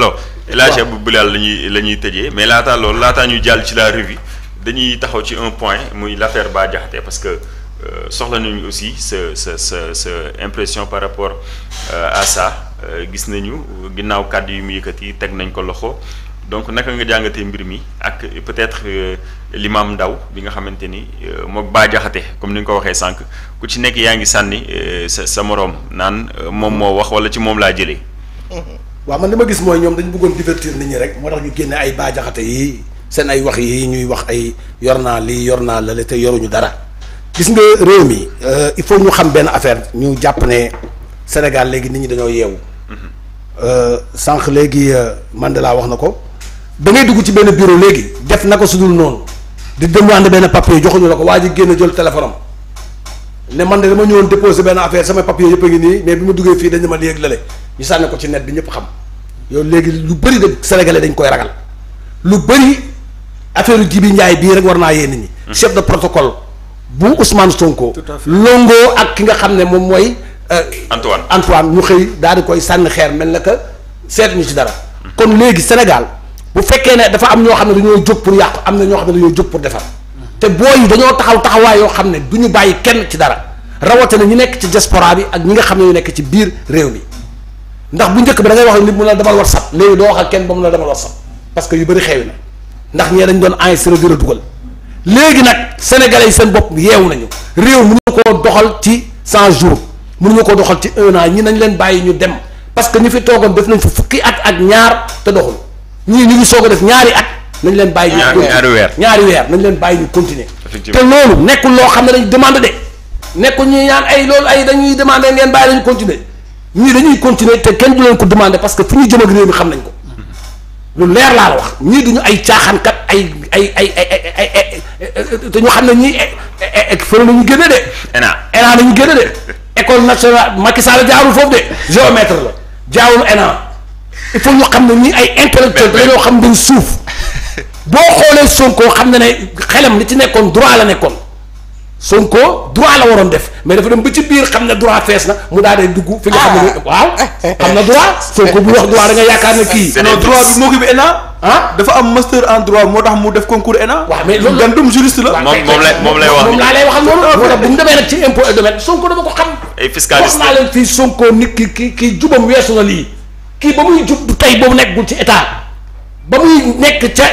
alors élage bu bilaal la ñuy la ñuy tëjee mais laataa loolu laataa ñuy jàll ci la revue dañuy taxaw ci un point muy l'affaire Bah Diakhaté parce que euh, soxla nañu aussi sa sa sa impression par rapport euh, à ça euh, gis nañu ginnaaw kàddu yi mu yëkkati teg nañ ko loxo donc naka nga jàngatee mbir mi ak peut-être l'imam Ndaw bi nga xamante ni moom Bah Diakhaté comme ni nga ko waxee sànq ku ci nekk yaa ngi sànni sa sa moroom naan moom moo wax walla ci moom laa jële waaw man li ma gis mooy ñoom dañu bëggoon divertir nit ñi rek moo tax ñu génne ay baajaxate yi seen ay wax yi ñuy wax ay yor naa lii yor naa lale te yoruñu dara gis nga réew mi euh, il faut ñu xam benn affaire ñu jàpp ne senegal léegi nit ñi dañoo yeewu mm-hmm. euh, sànq léegi euh, Mandela wax na ko da ngay dugg ci benn bureau léegi def na ko su dul noonu di demande benn papier joxuñu la ko waa ji génn jël téléphone am ne man de dama ñëwoon déposer benn affaire a ngi nii ma duggee fii dañ ñu sànni ko ci net bi ñëpp xam yow léegi lu bëri de sénégalais dañ koy ragal lu bëri affaire Jibi Njaay bii rek war naa yee nit ñi. Hmm. chef de protocol bu Ousmane Sonko. longo ak ki nga xam ne moom mooy. Euh, Antoine Antoine ñu xëy daal di koy sànni xeer mel na que seet ñu ci dara. Hmm. kon léegi Sénégal bu fekkee ne dafa am ñoo xam ne dañoo jóg pour yàqu am na ñoo xam ne dañoo jóg pour defar. Hmm. te booy dañoo taxaw taxawaay yoo xam ne du ñu bàyyi kenn ci dara rawatina ñu nekk ci diaspora bi ak ñi nga xam ne ñu nekk ci biir réew mi. ndax bu njëkk bi dangay ngay wax nit mu la demal whatsapp léegi doo wax ak kenn ba mu la demal whatsapp parce que yu bëri xewi na ndax ñee dañ doon enregistré di la dugal léegi nag sénégalais yi seen bopp yeewu nañu réew mënuñu koo doxal ci 100 jours mënuñu ko doxal ci un an ñi nañ leen bàyyi ñu dem parce que ñu fi toogoon def nañ fi fukki at ak ñaar te doxul ñii ñu ngi soog a def ñaari at nañ leen bàyyi ñu weer ñaari weer nañ leen bàyyi ñu continuer te loolu nekkul loo xam ne dañ demande de nekkul ñaan ay loolu ay dañuy demandé ngeen bàyyi dañu continuer ñii dañuy continuer te kenn du leen ko demander parce que fu ñu jëm ak réew mi xam nañ ko lu leer laa la wax ñii duñu ay caaxaankat ay ay ay ay ay te ñu xam ne ñii eh, eh, eh, fële la ñu génne de. ENA ENA la ñu génne de école nationale Macky Sall jaarul foofu de géomètre la jaarul ENA il faut ñu xam ne ñii ay intellectuel dañoo xam dañ suuf boo xoolee Sonko xam na ne xelam li ci nekkoon droit la nekkoon Sonko droit la waroon def. mais dafa dem ba ci biir xam ne droit fees na mu daal di dugg. fi nga xam ne ah. waaw. xam na droit Sonko bu wax droit da yaakaar ne kii. moo ko bi ENA. Ah. dafa am master en droit moo tax mu def concours ENA. waaw mais loolu gandum juriste la. moom moom lay moom lay wax moom laa lay waxal loolu. moo tax bu mu ci impôt et domaine Sonko dama ko xam. ay fiscaliste Sonko nit ki ki jubam weesu na lii kii ba muy jub tey boobu nekkul ci état ba muy nekk ca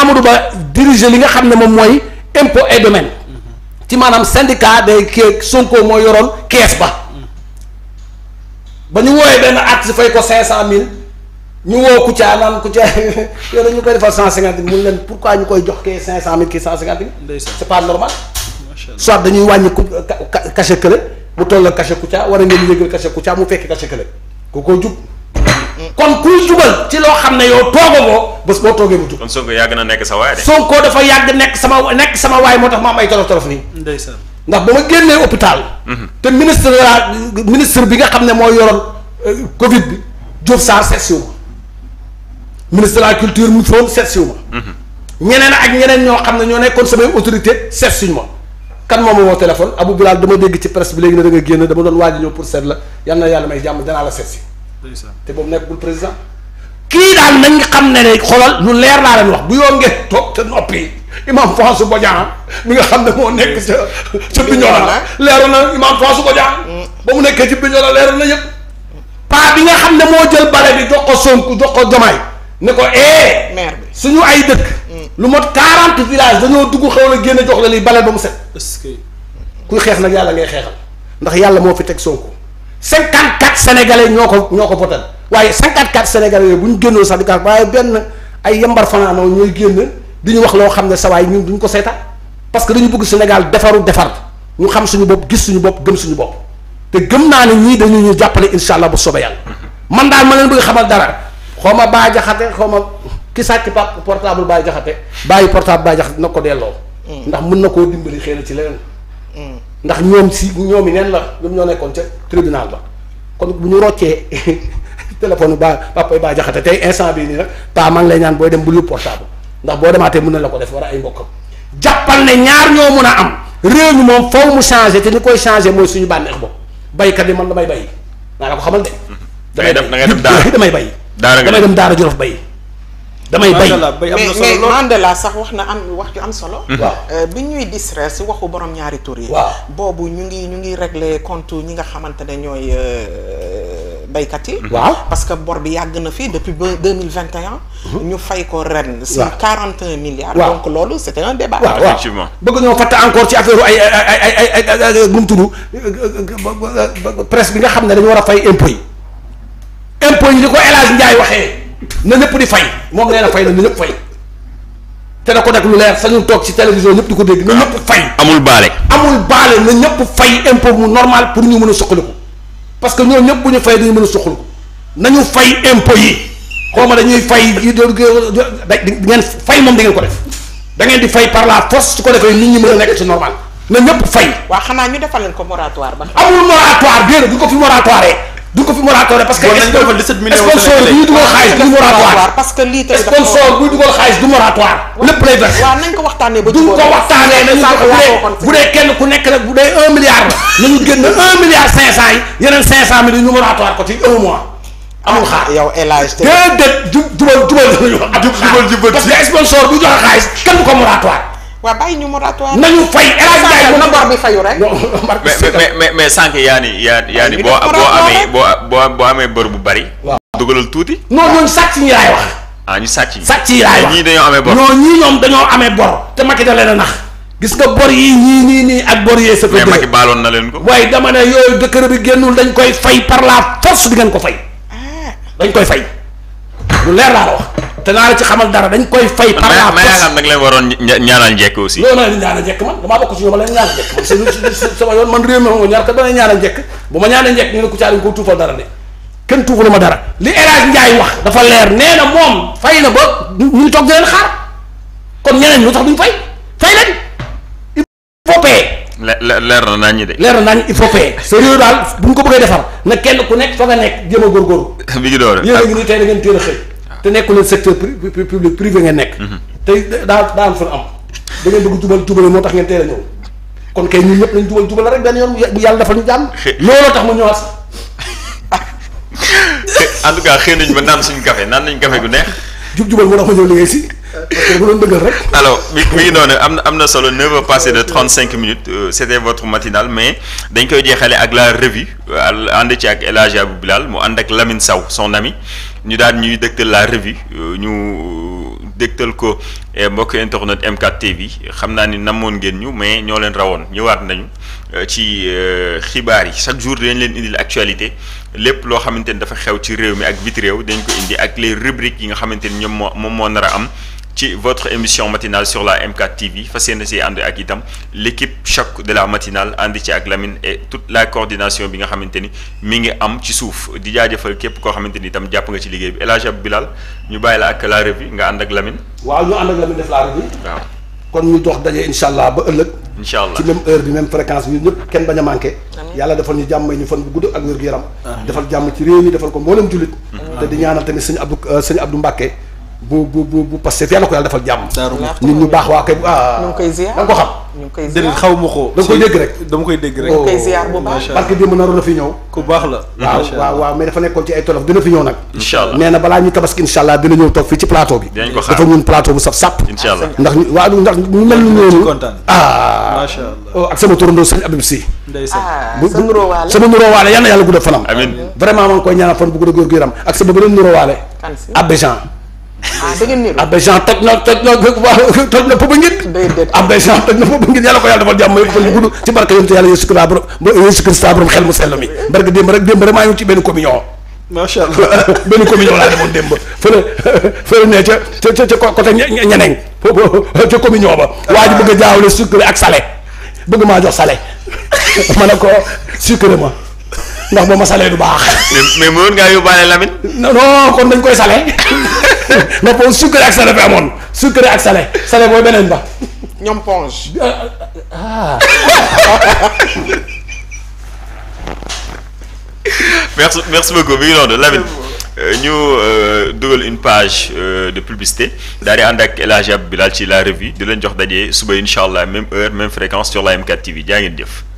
Amadou Ba diriger li nga xam ne moom mooy impôt et domaine ci maanaam syndicat day kii Sonko moo yoroon kees ba ba ñu wooyee benn at si fay ko cinq cent mille ñu woo Kouthia naan Kouthia yow dañu koy defal cent cinquante mille mun leen pourquoi ñu koy jox kii toll la cachet war a ngeen yëgal cachet Kouthia mu fekk cachet kële ku ko jub kon kuy jubal ci loo xam ne yow toogagoo bés boo toogee mu jub. kon Sonko yàgg na nekk sa waay de. Sonko dafa yàgg nekk sama nekk sama waay moo tax ma am ay tolof tolof nii. ndeysaan ndax ba ma génnee hôpital. Mhm. te ministre la ministre bi nga xam ne moo yoroon euh, Covid bi Diouf Sarr seet si ma ministre de la culture mu foon seet si wu ma. Mhm. ñeneen ak ñeneen ñoo xam ne ñoo nekkoon samay autorité seet suñu ma. kan moom moo téléphone Abou Bilal dama dégg ci presse bi léegi ne doon waaj ñëw pour seet la na yàlla may jàmm danaa la te boobu nekkul président. kii daal nañ xam ne ne xoolal lu leer laa leen wax bu yoon ngeen toog te noppi imam François Bodian mi nga xam ne moo nekk sa sa Bignona leeroon na imam François Bodian ba mu nekkee ci Bignona leeroon na yëpp paa bi nga xam ne moo jël bale bi jox ko Sonko jox ko Diomaye ne ko eh suñu ay dëkk lu mot quarante villages dañoo dugg xaw la génn jox la lii bale ba mu set kuy xeex nag yàlla ngay xeexal ndax yàlla moo fi teg Sonko cinquante quatre sénégalais ñoo ko ñoo ko votal waaye cinquante quatre sénégalais yooyu bu ñu génnoo sax di ko waaye benn ay yambar fanaanoo ñooy génn di ñu wax loo xam ne sa waay ñun duñ ko seetaan parce que dañu bëgg Sénégal defaru defar ñu xam suñu bopp gis suñu bopp gëm suñu bopp te gëm naa ne ñii dañu ñu jàppale incha allah bu soobee yàlla man daal ma leen bëgg xamal dara xaw ma baa jaxate xaw ma ki sàcc pa portable baa jaxate bàyyi portable baa jaxate na ko delloo. Mm. ndax mën na koo dimbali xëy na ci leneen. Mm. ndax ñoom si ñoom yi neen la ñoom ñoo nekkoon ca tribunal ba kon bu ñu roccee téléphone ba papa baa jaxate tey instant bii nii nag pa maa ngi lay ñaan booy dem bu lu portable ndax boo demaatee mën na la ko def war ay mbokk jàppal ne ñaar ñoo mun a am réew ñu moom faw mu changé te ni koy changé mooy suñu bànneex bopp baykat yi man damay bay naa la ko xamal de. Mhm. damay def daa def daara damay bay. daara damay dem daara jolof bay. damay bay mais Mandela sax wax na am wax ju am solo. Mm-hmm. waaw euh, bi ñuy distraire si waxu borom ñaari tur yi. boobu ñu ngi ñu ngi régler compte ñi nga xamante ne ñooy euh, baykat yi. Mm-hmm. waaw parce que bor bi yàgg na fii depuis ba deux mille vingt et un. Mm-hmm. ñu fay ko ren. si quarante et un milliards. donc loolu c' était un débat. effectivement bëgg ñoo fàtte encore ci affaire ay ay ay ay bu mu tudd presse bi nga xam ne dañu war a fay impôt yi. impôt yi li ko El Hadj Ndiaye waxee. na ñëpp di fay moom nee na fay na na ñëpp fay te na ko nag lu leer sañu toog ci télévision ñëpp du ko dégg na ñëpp fay ah, amul baale amul baale na ñëpp fay impôt mu normal pour ñu mën a ko parce que ñoo ñëpp bu ñu fay dañu mën a suqaliku nañu fay impôt yi xaw ma dañuy fay di ngeen fay moom di ngeen ko def da ngeen di fay par la force su ko defee nit ñi mën a nekk ci normal na ñëpp fay waaw xanaa ñu defal leen ko moratoire ba amul moratoire déedéet bu ko fi moratoire du fi moratoire parce que. sponsor buy dugal xaalis du moratoire. parce que lii tey sponsor buy du moratoire. lépp lay verse. waaw nañ ko waxtaanee ba jubóor ko bu dee kenn ku nekk nag bu dee un milliard la. nañu génn un milliard cinq cinq cent mille moratoire ko ci amul ah, xaar yow élage te déedéet jubal jubal jubal jubal ah, parce que sponsor bu joxe xaalis kenn du ko moratoire. waa bàyyi ñu moratoire. nañu fay El Hadj Ndiaye na bor bi fayu rek. mais mais mais sànq yaa ni yaa yaa ni boo boo amee boo bu bari. waaw dugalal tuuti. non ñooñu sàcc ñi laay wax. Ah, ñu sàcc yi. sàcc yi wax ñii dañoo amee bor. non ñii ñoom dañoo amee bor. te Macky da leen a nax. gis nga bor yi ñii nii ak bor yee. sa mais Macky baaloon na leen ko. waaye dama ne yooyu décret bi génnul dañ koy fay par la force di ngeen ko fay. Ah. dañ koy fay lu leer laa la wax. te naa la ci xamal dara dañ koy fay. par la poche mais leen waroon ñaanal njekk aussi. non non ñaanal njekk man damaa bokk ci yow ma leen ñaanal njekk man c'est sama yoon man réew mi moom ñaar kat dana ñaanal njekk bu ma ñaanal njekk ne ma dara. li dafa leer nee na moom fay na ba ñu ngi toog kon ñeneen lu tax duñ fay fay leen il faut naa ñi de. leer na naa ñi il faut payer. daal bu ñu ko bëggee defar na kenn ku nekk fa nga nekk jéem a góorgóorlu. bi ñu doon yéen a ngi nii tey da ngeen téere xëy te nekkuleen secteur public privé ngeen nekk. Mhm. tey daa daa am fan am. da ngeen bëgg tubal tubale moo tax ngeen teel a ñëw kon kay ñun ñëpp nañ tubal tubal rek benn yoon bu yàlla dafa ñu jàmm. looloo tax ma ñëwaat sax. en tout cas xëy nañ ba naan suñu café naan nañ café gu neex. jub jubal moo tax ma ñëw liggéey si. alo mi ngi noonu am na am na solo neuf heures passées de trente cinq minutes euh, c'était votre matinale mais dañ koy jeexale ak la revue euh, ànd ci ak El Hadji Abou Bilal mu ànd ak Lamine Sow son ami ñu daal ñuy dégtal la revue euh, ñu euh, dégtal ko eh, mbokk internet M4 TV xam naa ni namoon ngeen ñu mais ñoo leen rawoon ñëwaat nañu euh, ci xibaar yi chaque jour dañ leen indil actualité lépp loo xamante ni dafa xew ci réew mi ak biti réew dañ ko indi ak les rubriques yi nga xamante ni ñoom moo moom moo nar a am ci votre émission matinal sur la M4 TV fas yéene ak itam l'équipe choc de la matinale ànd ci ak Lamine et toute la coordination bi nga xamante ni mi ngi am ci suuf di jaajëfal képp koo xamante ni itam jàpp nga ci liggéey bi El Hadj Bilal ñu bàyyi la ak la revue nga ànd ak Lamine. waaw ñu ànd ak Lamine def la revue. waaw kon ñu dox daje incha allah ba ëllëg. incha allah ci même heure bi même fréquence bi ñëpp kenn bañ a manqué. yàlla defal ñu jàmm ñu fan bu gudd ak wér defal jàmm ci réew mi defal ko mboolem jullit. te di ñaanal tamit sëñ Abdou sëñ Abdou Mbacke bu bu bu bu Pastef yàlla ko yàlla defal jàmm. nit ñu baax waa kay. Ah. ñu ngi ko xam. ñu koy xaw ma ko. da nga dégg rek dama koy dégg rek. ñu ngi koy ziar bu oh, baax parce que démb naroon na fi ñëw. ku baax la. waaw waaw waaw mais dafa nekkoon ci ay tolof dina fi ñëw nag. incha na balaa ñu tabaski incha allah dina ñëw toog fii ci plateau bi. dafa ñun plateau bu saf sàpp. Ah, ndax waaw ndax ñu mel ni ñooñu. ah oh, ak sama turandoo sëñ Abib Si. ndeysaan ah sama nuroowaale yal na yàlla gudd fanam. amiin vraiment maa ngi koy ñaanal fan ah da ngeen niru Abbé Jean toj na toj na toj na pëba ngeen Jean toj na pëba ngeen yàlla ko yàlla defal jàmm may fan gudd ci barke yonte yàlla Yeesu Kirista borom Yeesu Kirista borom xel mu sell mi barke démb rek démb rek maa ngi ci benn communion ba waa ji bëgg a jaawale sucré ak salé bëgg maa jox salé ma ne ko sucré ma ndax boo ma salé du baax mais kon dañ koy salé non pon sucré ak salé fi amoon sucré ak salé salé beneen ba. ñoom ponge. Ah, ah, ah. merci merci beaucoup mi ngi noonu Lamine euh, ñu euh, dugal une page euh, de publicité daal di ànd El Hadj Bilal ci la revue di leen jox daje suba incha allah même heure même fréquence sur la M4 TV jaa ngeen jëf.